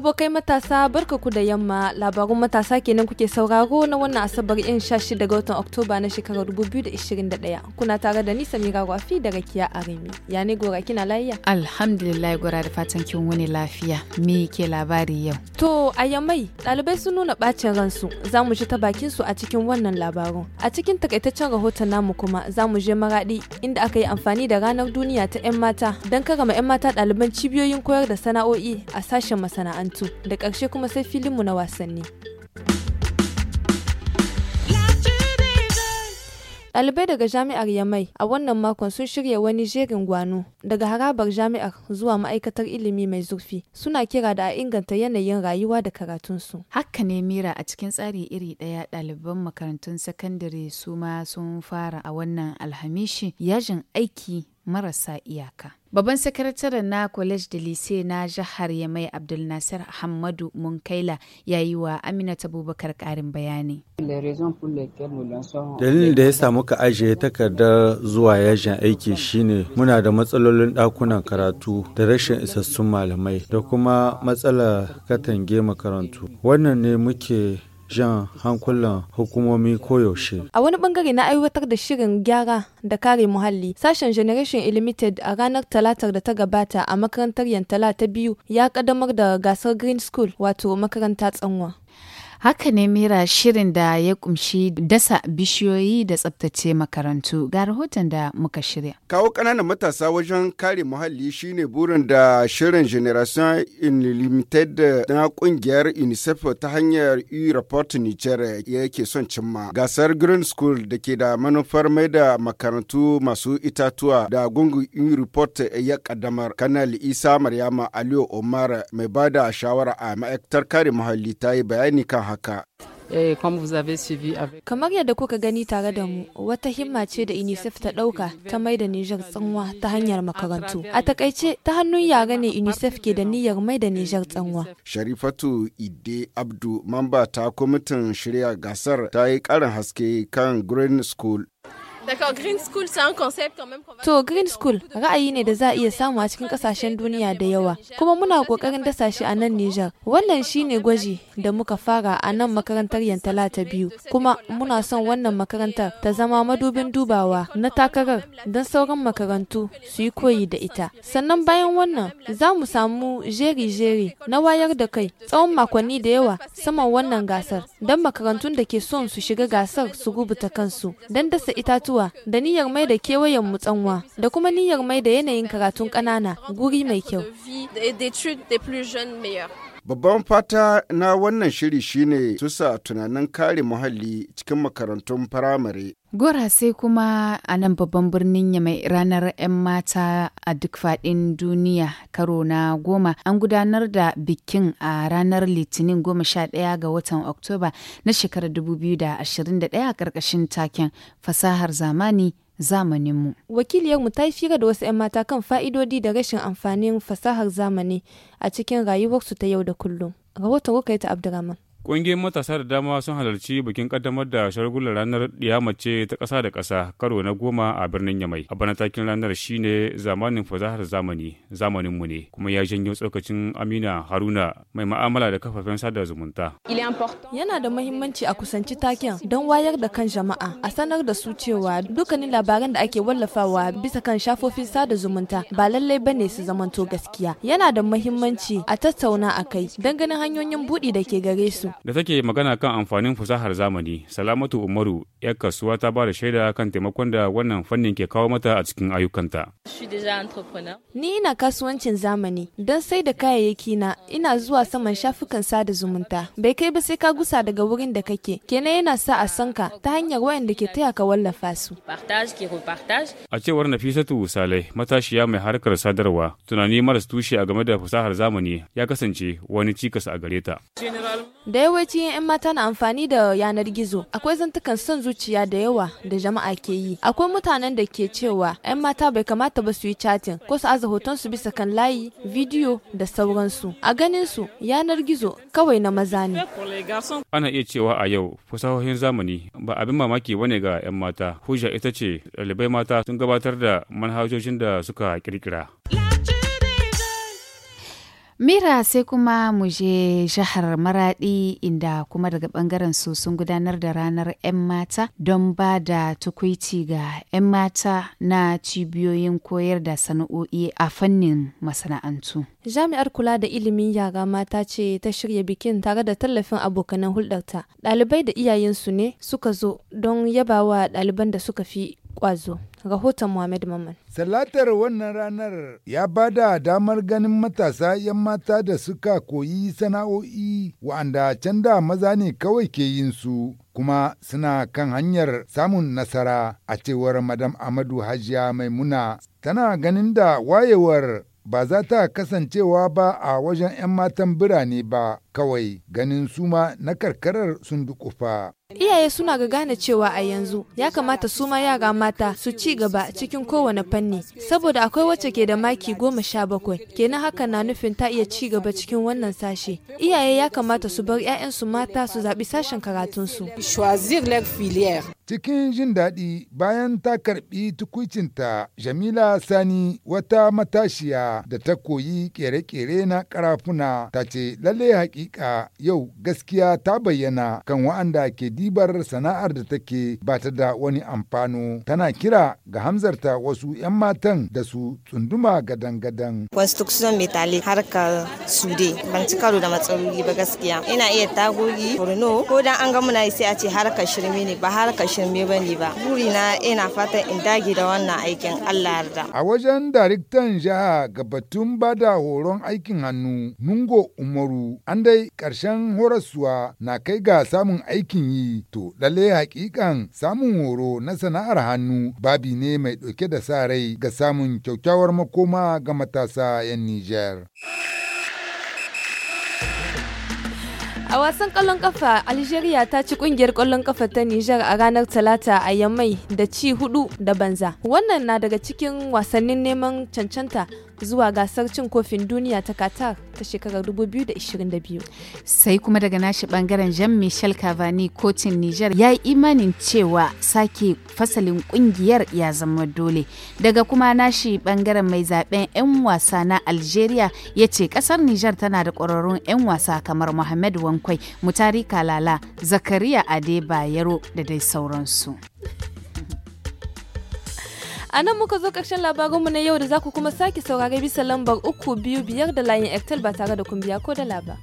abokai matasa ku da yamma labarun matasa kenan kuke sauraro na wannan asabar yan shashi ga watan oktoba na shekarar 2021 kuna tare da ni samira rafi daga kiya arimi ya ne gora kina lafiya alhamdulillah gora da fatan kin wani lafiya me ke labari yau to a yammai ɗalibai sun nuna bacin ransu za mu ji ta bakin su a cikin wannan labarun a cikin takaitaccen rahoton namu kuma za mu je maradi inda aka yi amfani da ranar duniya ta 'yan mata don karama 'yan mata ɗaliban cibiyoyin koyar da sana'o'i a sashen masana'antu da ƙarshe kuma sai filinmu na wasanni. Ɗalibai daga jami'ar Yamai a wannan makon sun shirya wani jerin gwano daga harabar jami'ar zuwa ma'aikatar ilimi mai zurfi suna kira da a inganta yanayin rayuwa da karatunsu. Haka ne Mira a cikin tsari iri ɗaya ɗaliban makarantun sakandare su ma sun fara a wannan alhamishi yajin aiki marasa iyaka. Babban sakataren na College da Lise na jihar Yamai Abdul Nasir Hamadu Munkaila ya yi wa amina Abubakar karin bayani. Dalilin da ya samu muka ajiye takardar zuwa yajin aiki shine muna da matsalolin ɗakunan karatu da rashin isassun malamai da kuma matsalar katange makarantu. Wannan ne muke jan hankulan hukumomi koyaushe. A wani bangare na aiwatar da shirin gyara da kare muhalli, sashen Generation Limited a ranar talatar da ta gabata a makarantar Yantala ta biyu ya kadamar da gasar Green School wato makaranta tsanwa. Haka ne Mira shirin da ya kumshi dasa bishiyoyi da tsabtace makarantu ga rahoton da muka shirya. Kawo ƙananan matasa wajen kare muhalli shine burin da shirin Generation Unlimited na ƙungiyar UNICEF ta hanyar e-report Niger yake son cimma. Gasar Green School da ke da manufar mai da makarantu masu itatuwa da gungun e-report ya kaddamar. Kanal Isa Maryama Aliyu Omar mai ba da shawara a ma'aikatar kare muhalli ta yi bayani kan haka eh, Kamar yadda kuka gani tare da mu, wata himma ce da UNICEF ta ɗauka ta mai da Nijar tsanwa ta hanyar makarantu. A takaice, ta hannun yare ne UNICEF ke da niyyar mai da Nijar tsanwa. Sharifatu Ide Abdu, mamba ta kwamitin shirya gasar, ta yi ƙarin haske kan Green School. To Green School ra'ayi ne da za a iya samu a cikin kasashen duniya da yawa kuma muna kokarin dasa shi a nan Nijar. Wannan shi ne gwaji da muka fara a nan makarantar Yantala ta biyu kuma muna son wannan makarantar ta zama madubin dubawa na takarar don sauran makarantu su yi koyi da ita. Sannan bayan wannan za mu samu jeri-jeri na wayar da kai tsawon makonni da yawa saman wannan gasar don makarantun da ke son su shiga gasar su rubuta kansu don dasa itatuwa mutuwa da niyyar mai da kewayen mu da kuma niyyar mai da yanayin karatun ƙanana guri mai kyau. Babban fata na wannan shiri shine tusa tunanin kare muhalli cikin makarantun firamare Gora sai kuma a nan babban birnin Yamai ranar 'yan mata a duk faɗin duniya karo na goma an gudanar da bikin a ranar litinin goma sha ɗaya ga watan Oktoba na shekarar 2021 a karkashin taken fasahar zamani zamanin mu. Wakiliyarmu ta yi fira da wasu 'yan mata kan fa'idodi da rashin amfanin fasahar zamani a cikin rayuwarsu ta yau da kullum. Rahoton ta Abdurrahman. Ƙungiyoyin matasa da dama sun halarci bikin kaddamar da shargullar ranar mace ta ƙasa da ƙasa karo na goma a birnin Yamai. A bana takin ranar shine zamanin fasahar zamani, zamanin mu ne, kuma ya janyo tsokacin Amina Haruna mai ma'amala da kafafen sada zumunta. Yana da muhimmanci a kusanci taken don wayar da kan jama'a, a sanar da su cewa dukkanin labaran da ake wallafawa bisa kan shafofin sada zumunta ba lallai bane su zamanto gaskiya. Yana da muhimmanci a tattauna a kai don ganin hanyoyin buɗi da ke gare su Da take magana kan amfanin fasahar zamani, Salamatu Umaru, 'yar kasuwa ta ba da shaida kan taimakon da wannan fannin ke kawo mata a cikin ayyukanta. Ni ina kasuwancin zamani, don sai da kayayyaki na ina zuwa saman shafukan sada zumunta. Bai kai ba sai ka gusa daga wurin da kake, kenan yana sa a san ka ta hanyar wayanda ke taya ka wallafa su. A cewar Nafisatu Saleh, matashiya mai harkar sadarwa, tunani maras tushe a game da fasahar zamani ya kasance wani cikas a gare ta. da yawancin 'yan mata na amfani da yanar gizo akwai zantukan son zuciya da yawa da jama'a ke yi akwai mutanen da ke cewa 'yan mata bai kamata ba su yi chatting ko su aza hoton su bisa kan layi bidiyo da sauransu a ganin su yanar gizo kawai na maza ne ana iya cewa a yau fasahohin zamani ba abin mamaki bane ga 'yan mata hujja ita ce ɗalibai mata sun gabatar da manhajojin da suka kirkira. Mira sai kuma mu je jihar Maradi inda kuma daga bangaren su sun gudanar da ranar 'yan mata don ba da tukwici ga 'yan mata na cibiyoyin koyar da sana'o'i a fannin masana'antu. Jami'ar kula da ilimin yara mata ce ta shirya bikin tare da tallafin abokanan hulɗarta. Ɗalibai da iyayensu ne suka zo don yabawa ɗaliban da suka fi ƙwazo. rahoton Muhammad Mamman. Salatar wannan ranar ya ba da damar ganin matasa 'yan mata da suka koyi sana'o'i wa'anda can da maza ne kawai ke yin su. kuma suna kan hanyar samun nasara a cewar madam amadu hajiya maimuna tana ganin da wayewar ba za ta kasancewa ba a wajen 'yan matan birane ba kawai ganin suma na karkarar sun dukufa. Iyaye suna ga gane cewa a yanzu ya kamata suma ma yara mata su ci gaba cikin kowane fanni saboda akwai wacce ke da maki goma sha bakwai kenan haka na nufin ta iya ci gaba cikin wannan sashe iyaye ya kamata su bar 'ya'yansu mata su zaɓi sashen karatunsu. Cikin jin daɗi bayan ta karɓi tukuicinta Jamila Sani wata matashiya da ta koyi kere-kere na karafuna ta ce lalle haƙi hakika yau gaskiya ta bayyana kan wa'anda ke dibar sana'ar da take ba ta da wani amfano tana kira ga hamzarta wasu 'yan matan da su tsunduma gadan-gadan. Construction metali harkar sude ban ci karo da matsaloli ba gaskiya ina iya tagogi furno ko dan an ga muna sai a ce harkar shirme ne ba harkar shirme ba ne ba burina ina fatan in dage da wannan aikin Allah yarda. A wajen daraktan jiha gabatun bada horon aikin hannu Nungo Umaru an dai ƙarshen horaswa na kai ga samun aikin yi to lalle hakikan samun horo na sana'ar hannu babi ne mai ɗauke da sa rai ga samun kyakkyawar makoma ga matasa 'yan Nijar. A wasan ƙwallon ƙafa, Algeria ta ci ƙungiyar ƙwallon ƙafa ta Nijar a ranar Talata a Yammai da ci hudu da banza. Wannan na daga cikin wasannin neman cancanta zuwa gasar cin kofin duniya ta Qatar ta shekarar 2022. Sai kuma daga nashi bangaren Jean-Michel Cavani kotun Niger ya yi imanin cewa sake fasalin kungiyar ya zama dole. Daga kuma nashi bangaren mai zaben 'yan wasa na Algeria ya ce kasar Niger tana da kwararrun 'yan wasa kamar Mohamed Wankwai, Mutari Kalala, Zakariya Adebayero da dai sauransu. A nan muka zo ƙarshen labarinmu na yau da za ku kuma sake saurare bisa lambar uku biyu biyar da layin ektel ba tare da kumbiya ko da laba.